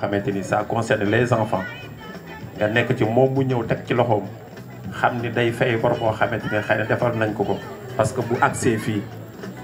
xamante ça concerne les enfants Il y ci moom mu ñëw teg ci loxoom xam ni day fay bor boo xamante ne xëy na defal nañ ko ko parce que bu accès fii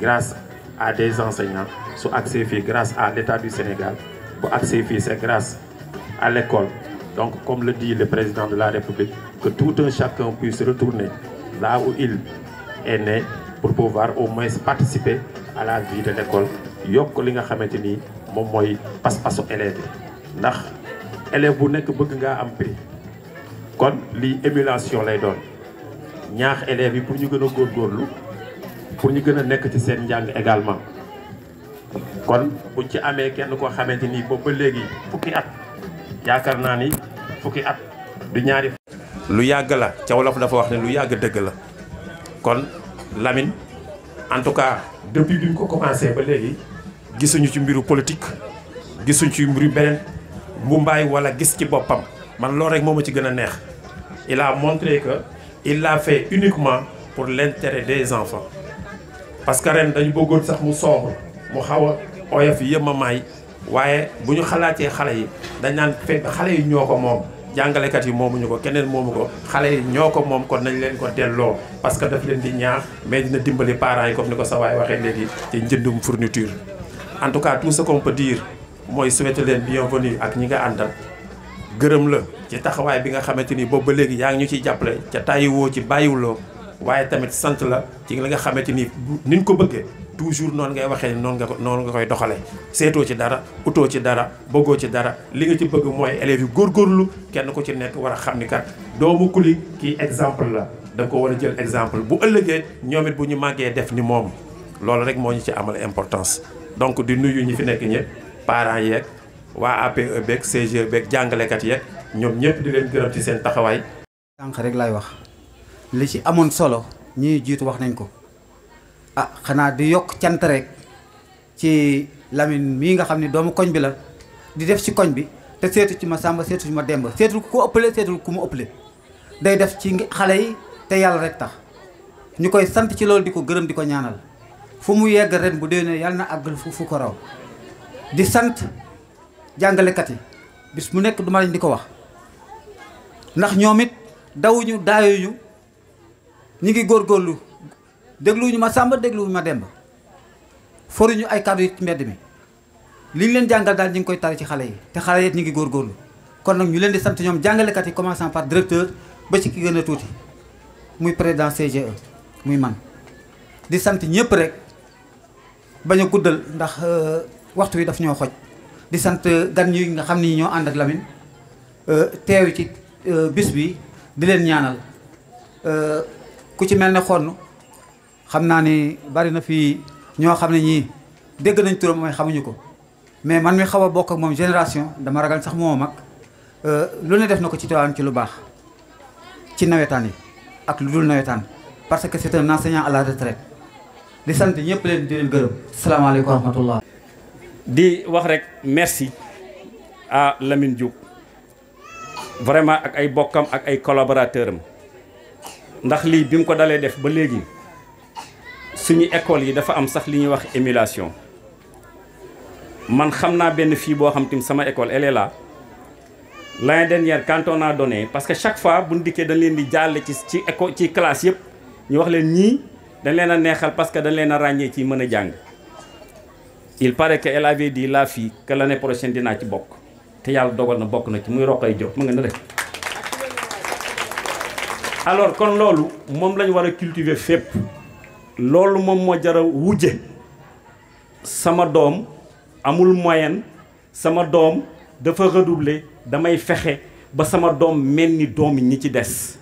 grâce à des enseignants su accès fii grâce à l'État du Sénégal bu accès fii c'est grâce à l'école donc comme le dit le président de la République que tout un chacun puisse retourner là où il est né pour pouvoir au moins participer à la vie de l'école yokk li nga xamante ni moom mooy pas-pasu élèves ndax élève bu nekk bëgg ngaa am prix kon lii émulation lay doon ñaax élèves yi pour ñu gën a góorlu pour ñu gën a nekk ci seen njàng également kon buñ ci amee kenn koo xamante ni boobu ba léegi fukki at yaakaar naa ni fukki at du ñaari lu yàgg la ca wolof dafa wax ne lu yàgg dëgg la kon Lamine en tout cas depuis bi ñu ko commencé ba léegi gisuñu ci mbiru politique gisuñu ci mbiru beneen mbumbaay wala gis ci boppam man loolu rek moo ci gën neex il a montré que il l'a fait uniquement pour l'intérêt des enfants parce que ren dañu bëggoon sax mu soobu mu xaw a oyof yëpp a maay waaye bu ñu xalaatee xale yi dañ naan fekk xale yi ñoo ko moom jàngalekat yi momu ñuko keneen momu ko xalé yi ñoko mom kon nañ leen ko delloo parce que daf leen di ñaax mais dina dimbali parents yi comme niko ko sa waay waxee léegi ci jëndum fourniture en tout cas tout ce qu'on peut dire mooy souhaiter leen bienvenue ak ñi nga àndal gërëm la ci taxawaay bi nga xamante ni boobu ba léegi yaa ngi ñu ciy jàppale ca woo ci bàyyiwuloo waaye tamit sant la ci li nga xamante ni niñ ko bëggee toujours noonu ngay waxee noonu nga ko noonu nga koy doxalee seetoo ci dara utoo ci dara bëggoo ci dara li nga ci bëgg mooy élèves yu góorlu kenn ku ci nekk war a xam ni kat doomu Kuli kii exemple la da ko war a jël exemple bu ëllëgee ñoom bu ñu màggee def ni moom loolu rek moo ñu ci amal importance donc di nuyu ñi fi nekk parents yek wa APE beeg e bek jangale kat yek ñom ñepp di len gërëm ci seen taxaway tank rek lay wax li ci amone solo ñi jiitu wax nañ ko ah xana di yok cant rek ci Lamine mi nga xamni doomu koñ bi la di def ci koñ bi te setu ci ma Samba setu ci ma Demba setu ko ëppale setu ku mu ëppale day def ci xalé yi te yalla rek tax ñukoy sant ci lool di ko gërëm di ko ñaanal fu mu yegg ren bu deene yalla na àggal fu fu ko raw di sant jàngalekat yi bis mu nekk duma leen di ko wax ndax ñoom it dawuñu daayuñu ñi ngi góor góorlu dégluwuñu ma sàmba dégluwuñu ma demb foruñu ay kàddu yi mbedd mi liñ leen jàngal daal ñi ngi koy tari ci xale yi te xale yi ñu ngi góorgóorlu kon nag ñu leen di sant ñoom jàngalekat yi commençant par directeur ba ci ki gën a tuuti muy président CGE muy man di sant ñëpp rek bañ a guddal ndax euh, waxtu wi daf ñoo xoj di sant euh, gan yi nga xam ni ñoo ànd ak Lamine euh, teew ci euh, bis bi di leen ñaanal ku ci mel ne xonn xam naa ni bari na fii ñoo xam ne ñii dégg nañ turam mooy xamuñu ko mais man mi xaw a bokk ak moom génération dama ragal sax moo mag lu ne def na ko ci Tivaouane ci lu baax ci nawetaan yi ak lu dul nawetaan parce que c'est un enseignant à la retraite di sant ñëpp leen di leen gërëm salaamaaleykum wa rahmatullah di wax rek merci à Lamine Diop vraiment ak ay bokkam ak ay collaborateur ndax li bim ko dalé def ba légui suñu école yi dafa am sax li ñuy wax émulation man xamna benn fii xam tim sama école elle est là l'année dernière quand on a donné parce que chaque fois bu diké dañ leen di jall ci ci école ci classe yépp ñu wax leen ñii dañ leen neexal parce que dañ leen ci mëna jang il paraît que avait dit la fille que l'année prochaine dina ci bok té yalla dogal na bok na ci muy c'est ce nga alors kon lolu mom lañ war cultiver fep lolu mom mo jara wujé sama dom amul moyen sama dafa redoubler damay Je ba sama dom ni ci d'ess.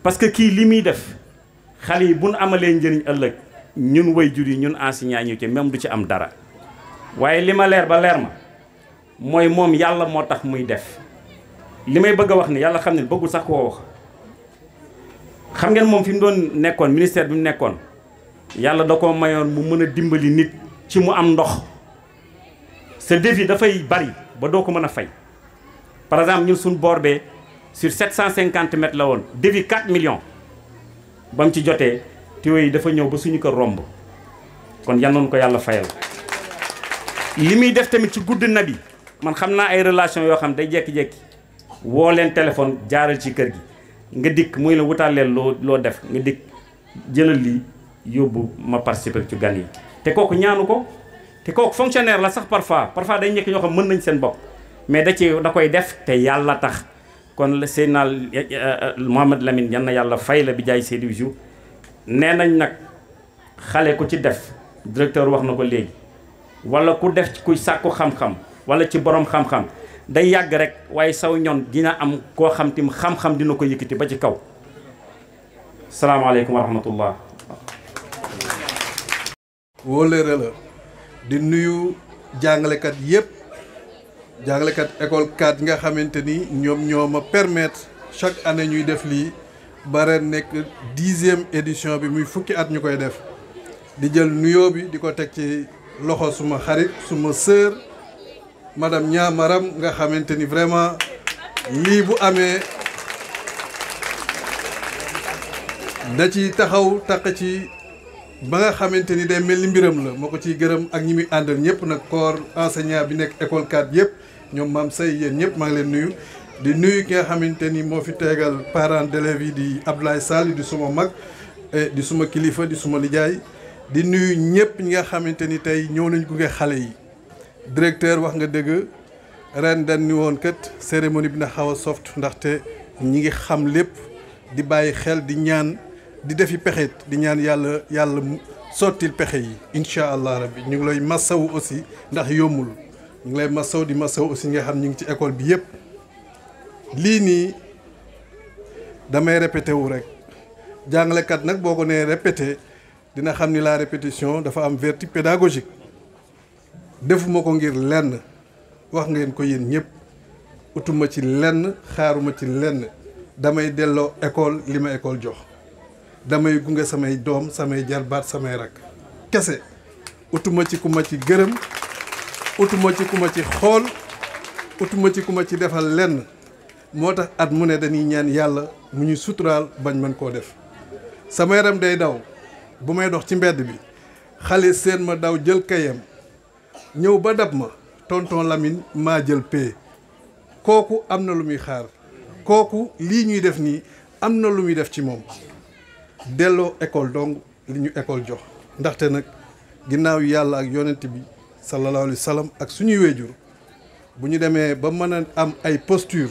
parce que qui limite? def ñun wayjur yi ñun enseignant ñu ci même du ci am dara waaye li ma leer ba leer ma mooy moom yàlla moo tax muy def li may bëgg a wax ni yàlla xam ne bëggul sax koo wax xam ngeen moom fi mu doon nekkoon ministère bi mu nekkoon yàlla da ko mayoon mu mën a dimbali nit ci mu am ndox sa défi dafay bari ba doo ko mën a fay par exemple ñun suñ boor bee sur 750 mètres la woon défi 4 millions ba mu ci jotee tuyau yi dafa ñëw ba suñu ko romb kon yannoon ko yàlla fayal li muy def tamit ci guddi na bi man xam naa ay relation yoo xam day jekki-jekki woo leen téléphone jaaral ci kër gi nga dikk muy la wutaal leen loo loo def nga dikk jëlal lii yóbbu ma participer ci gan yi te kooku ñaanu ko te kooku fonctionnaire la sax parfois parfois day nekk yoo xam mën nañ seen bopp mais da ci da koy def te yàlla tax kon Seydina euh, euh, Mouhamed Lamine yan na yàlla fay la bi jaay Seydou Jou nenañ nak xalé ku ci def directeur wax nako ko wala ku def kuy sakku xam-xam wala ci borom xam-xam day yag rek saw ñon dina am ko xam tim xam-xam dina ko yëkkati ba ci kaw alaykum wa rahmatullah wóolere la di nuyu jang yépp kat école 4 nga xamanteni ñom ñoma nyom permettre chaque année ñuy def li ba nekk dixième édition bi muy fukki at ñu koy def di jël nuyoo bi di ko teg ci loxo suma xarit suma sœur madame ñaamaram nga xamante ni vraiment lii bu amee da ci taxaw taq ci ba nga xamante ni day mel ni mbiram la moo ko ciy gërëm ak ñi muy àndal ñëpp nag corps enseignant bi nekk école 4 yëpp ñoom maam say yéen ñëpp maa ngi leen nuyu di nuyu ki nga xamante ni moo fi teegal parent yi di Abdoulaye Sall di suma mag eh, di suma kilifa di suma lijaay di nuyu ñëpp ñi nga xamante ni tey ñëw nañ gunge xale yi directeur wax nga dëgg ren dañ ni woon kat cérémonie bi na xaw a soft ndaxte ñi ngi xam lépp di bàyyi xel di ñaan di defi pexe di ñaan yàlla yàlla sottil pexe yi incha allah rabbi ñu ngi lay massaw aussi ndax yombul ñu ngi lay massaw di massaw aussi nga xam ñu ngi ci école bi yépp lii nii damay répété wu rek jàngalekat nag boo ko nee répété dina xam ni la répétition dafa am vertu pédagogique defuma ko ngir lenn wax ngeen ko yéen ñëpp utuma ci lenn xaaruma ci lenn damay delloo école li ma école jox damay gunge samay doom samay jarbaat samay rak kese utuma ci ku ma ci gërëm utuma ci ku ma ci xool utuma ci ku ma ci defal lenn moo tax at mu ne dañuy ñaan yàlla mu ñu suturaal bañ mën koo def sama yaram day daw bu may dox ci mbedd bi xale seen ma daw jël kayam ñëw ba dab ma tonton Lamine maa jël pee kooku am na lu muy xaar kooku lii ñuy def nii am na lu muy def ci moom delloo école donc li ñu école jox ndaxte nag ginnaaw yàlla ak yonent bi sallallahu alayhi ak suñuy wéjur bu ñu demee ba mën a am ay posture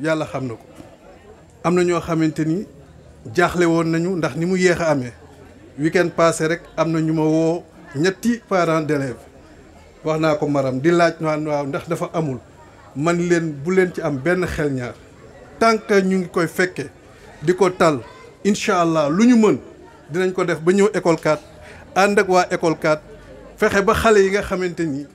yàlla xam na ko am na ñoo xamante ni jaaxle woon nañu ndax ni mu yéex a amee weekend passé rek am na ñu ma woo ñetti parent d'élèves wax naa ko maram di laaj naan waaw ndax dafa amul man leen bu leen ci am benn xel ñaar tant que ñu ngi koy fekke di ko tal incha allah lu ñu mën dinañ ko def ba ñëw école 4 ànd ak waa école 4 fexe ba xale yi nga xamante ni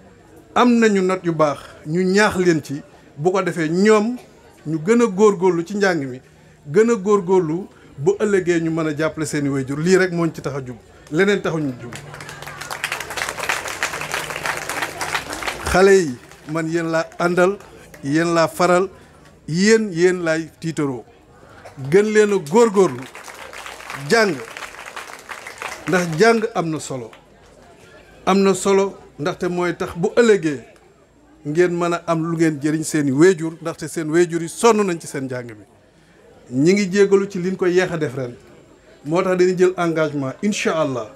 am nañu note yu baax ñu ñaax leen ci bu ko defee ñoom ñu gën a góorlu ci njàng mi gën a góorlu bu ëllëgee ñu mën a jàppale seen i lii rek mooñ ci tax a jub leneen taxuñu jub xale yi man yéen laa àndal yéen laa faral yéen yéen laay tiitaroo gën leen góor góorgóorlu jàng ndax jàng am na solo am na solo ndaxte mooy tax bu ëllëgee ngeen mën a am lu ngeen jëriñ seeni i ndaxte seen wéjur yi sonn nañ ci seen njàng mi ñi ngi jégalu ci liñ ko yeex a def ren moo tax dañuy jël engagement incha allah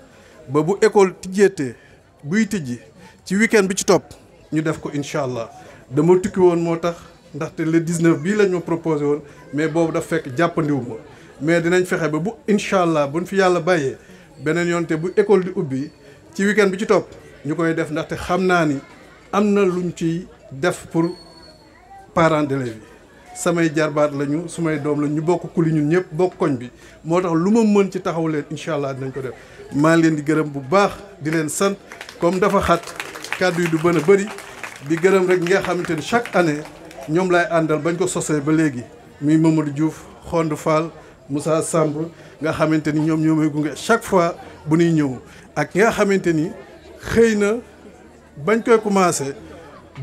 ba bu école tijjeetee buy tijji ci weekend bi ci topp ñu def ko incha allah dama tukki woon moo tax ndaxte le 19 bii lañ ma proposé woon mais boobu daf fekk jàppandiwu ma mais dinañ fexe ba bu incha allah bu buñ fi yàlla bàyyee beneen yoon te bu école di ubbi ci weekend bi ci topp ñu koy def ndaxte xam naa ni. am na lu ñu ciy def pour parents d'élèves yi samay jarbaat lañu may doom lañu ñu bokk kuli ñun ñëpp bokk bi moo tax lu ma mën ci taxaw leen incha allah dinañ ko def maa leen di gërëm bu baax di leen sant comme dafa xat kàddu yi du bën a bëri di gërëm rek nga xamante ni chaque année ñoom laay àndal bañ ko sosee ba léegi muy Mamadou Diouf Xond Fall Moussa Samb nga xamante ni ñoom ñoo may gunge chaque fois bu nuy ñëw ak nga xamante ni xëy na. bañ koy commencé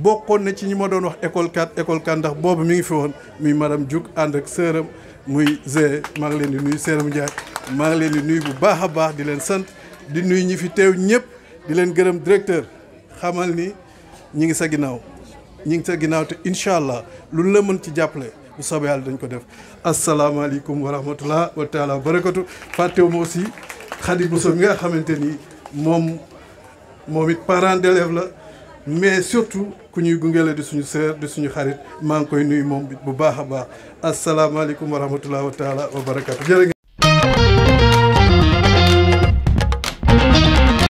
bokkoon na ci ñi ma doon wax école 4 école 4 ndax boobu mu ngi fi woon muy madame Diouk ànd ak sëram muy Zé maa ngi leen di nuyu sëram Ndiaye maa ngi leen di nuyu bu baax a baax di leen sant di nuyu ñi fi teew ñëpp di leen gërëm directeur xamal ni ñi ngi sa ginnaaw ñi ngi sa ginnaaw te incha allah lu la mën ci jàppale bu soobee yàlla dañ ko def asalaamaaleykum wa rahmatullah wa taala wa barakatu fàttewu ma aussi Khady Bousso mi nga xamante ni moom. momit parents parent d'élève mais surtout ku ñuy enfants de suñu sœur de suñu xarit mang